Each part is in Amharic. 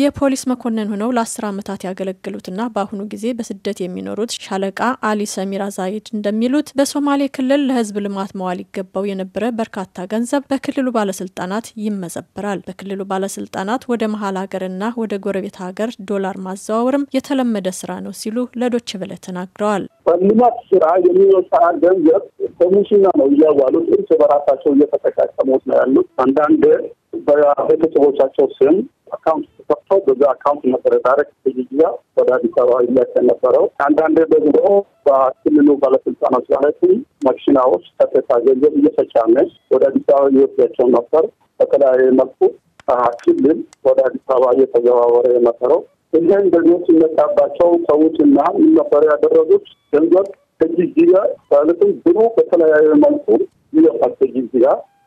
የፖሊስ መኮንን ሆነው ለአስር ዓመታት ያገለገሉትና በአሁኑ ጊዜ በስደት የሚኖሩት ሻለቃ አሊ ሰሚራ ዛይድ እንደሚሉት በሶማሌ ክልል ለሕዝብ ልማት መዋል ይገባው የነበረ በርካታ ገንዘብ በክልሉ ባለስልጣናት ይመዘበራል። በክልሉ ባለስልጣናት ወደ መሀል ሀገርና ወደ ጎረቤት ሀገር ዶላር ማዘዋወርም የተለመደ ስራ ነው ሲሉ ለዶች ብለ ተናግረዋል። በልማት ስራ የሚወጣ ገንዘብ በሙስና ነው እያዋሉት እርስ በራሳቸው እየተጠቃቀሙት ነው ያሉት አንዳንድ በቤተሰቦቻቸው ስም አካውንት ተከፍቶ በዚ አካውንት መሰረት አረግ ጊዜ ወደ አዲስ አበባ ይላክ ነበረው። አንዳንዴ ደግሞ በክልሉ ባለስልጣኖች ማለት ማሽናዎች ተተታ ገንዘብ እየተጫነ ወደ አዲስ አበባ እየወስዳቸው ነበር። በተለያየ መልኩ ክልል ወደ አዲስ አበባ እየተዘዋወረ የነበረው ይህም ደግሞ ሲመጣባቸው ሰዎችና ምን ነበር ያደረጉት ገንዘብ ከጊዜ ማለትም ብሩ በተለያየ መልኩ ይለፋል ከጊዜ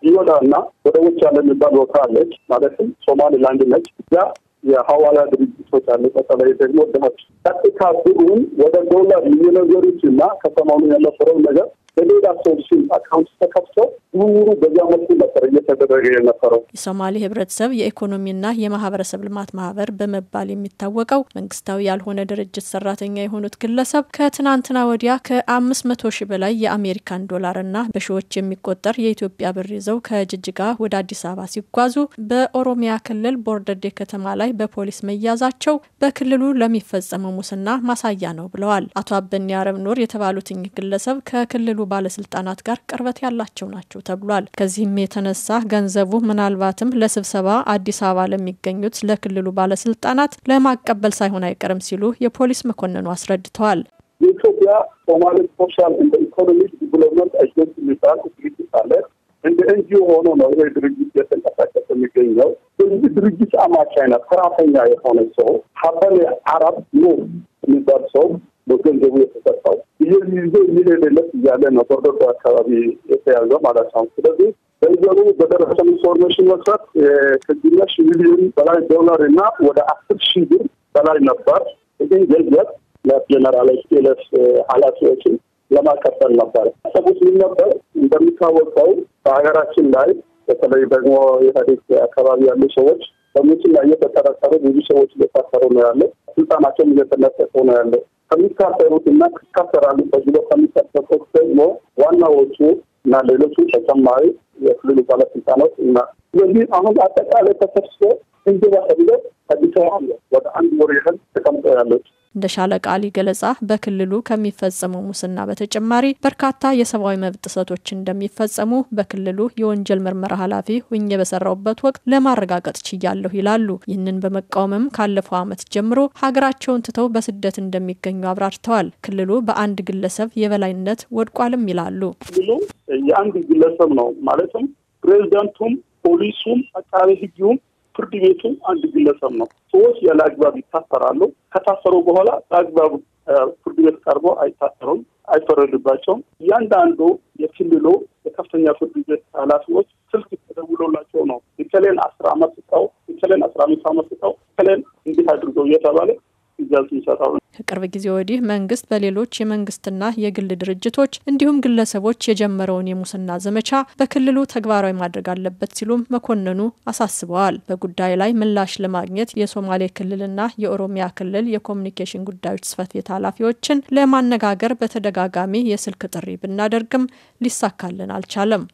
ኢዮዳና ወደ ውጭ ያለ የሚባል ቦታ አለች፣ ማለትም ሶማሊላንድ ነች። እዚያ የሀዋላ ድርጅቶች አለ። በተለይ ደግሞ ድሀች ቀጥታ ብሩን ወደ ዶላር የሚነገሩት እና ከተማኑ ያለፈረው ነገር በሌላ ሰው አካውንት ተከፍቶ ምሁሩ በዚያ መልኩ ነበር እየተደረገ የነበረው። የሶማሌ ህብረተሰብ የኢኮኖሚና የማህበረሰብ ልማት ማህበር በመባል የሚታወቀው መንግስታዊ ያልሆነ ድርጅት ሰራተኛ የሆኑት ግለሰብ ከትናንትና ወዲያ ከአምስት መቶ ሺህ በላይ የአሜሪካን ዶላርና በሺዎች የሚቆጠር የኢትዮጵያ ብር ይዘው ከጅጅጋ ወደ አዲስ አበባ ሲጓዙ በኦሮሚያ ክልል ቦርደዴ ከተማ ላይ በፖሊስ መያዛቸው በክልሉ ለሚፈጸመው ሙስና ማሳያ ነው ብለዋል። አቶ አበኒ አረብ ኑር የተባሉትኝ ግለሰብ ከክልሉ ባለስልጣናት ጋር ቅርበት ያላቸው ናቸው ተብሏል። ከዚህም የተነሳ ገንዘቡ ምናልባትም ለስብሰባ አዲስ አበባ ለሚገኙት ለክልሉ ባለስልጣናት ለማቀበል ሳይሆን አይቀርም ሲሉ የፖሊስ መኮንኑ አስረድተዋል። የኢትዮጵያ ሶማሌ ሶሻል እንደ ኢኮኖሚክ ዲቨሎፕመንት ኤጀንሲ የሚባል ድርጅት አለ። እንደ ኤንጂኦ ሆኖ ነው ይሄ ድርጅት የተንቀሳቀሰ የሚገኘው። ስለዚህ ድርጅት አማካይና ሰራተኛ የሆነ ሰው ሀበሌ አረብ ኑር የሚባል ሰው በገንዘቡ ይዞ የሚል የሌለት እያለ ነው ኮርዶዶ አካባቢ የተያዘው ማለት ነው። ስለዚህ በዘሩ በደረሰ ኢንፎርሜሽን መሰረት ከግማሽ ሚሊዮን በላይ ዶላር እና ወደ አስር ሺህ ብር በላይ ነበር። ይህ ገንዘብ ለጀነራል ስቴለስ ኃላፊዎችን ለማቀበል ነበር ሰቦች ምን ነበር እንደሚታወቀው በሀገራችን ላይ በተለይ ደግሞ ኢህአዴግ አካባቢ ያሉ ሰዎች በሙስና እየተጠረጠሩ ብዙ ሰዎች እየታሰሩ ነው ያለ፣ ስልጣናቸውን እየተነጠቁ ነው ያለው። ከሚታሰሩት እና ይታሰራሉ ተብሎ ከሚጠበቁት ደግሞ ዋናዎቹ እና ሌሎቹ ተጨማሪ የክልሉ ባለስልጣኖች እና ስለዚህ አሁን አጠቃላይ ተሰብስቦ እንጀባ ተብሎ አዲስ ወደ አንድ ወር ያህል ተቀምጦ ያለች እንደ ሻለቃ አሊ ገለጻ በክልሉ ከሚፈጸሙ ሙስና በተጨማሪ በርካታ የሰብአዊ መብት ጥሰቶች እንደሚፈጸሙ በክልሉ የወንጀል ምርመራ ኃላፊ ሁኜ በሰራውበት ወቅት ለማረጋገጥ ችያለሁ ይላሉ። ይህንን በመቃወምም ካለፈው ዓመት ጀምሮ ሀገራቸውን ትተው በስደት እንደሚገኙ አብራርተዋል። ክልሉ በአንድ ግለሰብ የበላይነት ወድቋልም ይላሉ። የአንድ ግለሰብ ነው ማለትም ፕሬዚዳንቱም፣ ፖሊሱም፣ አቃቤ ሕጉም ሞቲቬሽን አንድ ግለሰብ ነው። ሰዎች ያለ አግባብ ይታሰራሉ። ከታሰሩ በኋላ በአግባቡ ፍርድ ቤት ቀርቦ አይታሰሩም፣ አይፈረድባቸውም። እያንዳንዱ የክልሉ የከፍተኛ ፍርድ ቤት ኃላፊዎች ስልክ ተደውሎላቸው ነው የከሌን አስር አመት ስጠው፣ የከሌን አስራ አምስት አመት ስጠው፣ ከሌን እንዲህ አድርገው እየተባለ ትዕዛዝ ይሰጣሉ። ከቅርብ ጊዜ ወዲህ መንግስት በሌሎች የመንግስትና የግል ድርጅቶች እንዲሁም ግለሰቦች የጀመረውን የሙስና ዘመቻ በክልሉ ተግባራዊ ማድረግ አለበት ሲሉም መኮንኑ አሳስበዋል። በጉዳዩ ላይ ምላሽ ለማግኘት የሶማሌ ክልልና የኦሮሚያ ክልል የኮሚኒኬሽን ጉዳዮች ጽህፈት ቤት ኃላፊዎችን ለማነጋገር በተደጋጋሚ የስልክ ጥሪ ብናደርግም ሊሳካልን አልቻለም።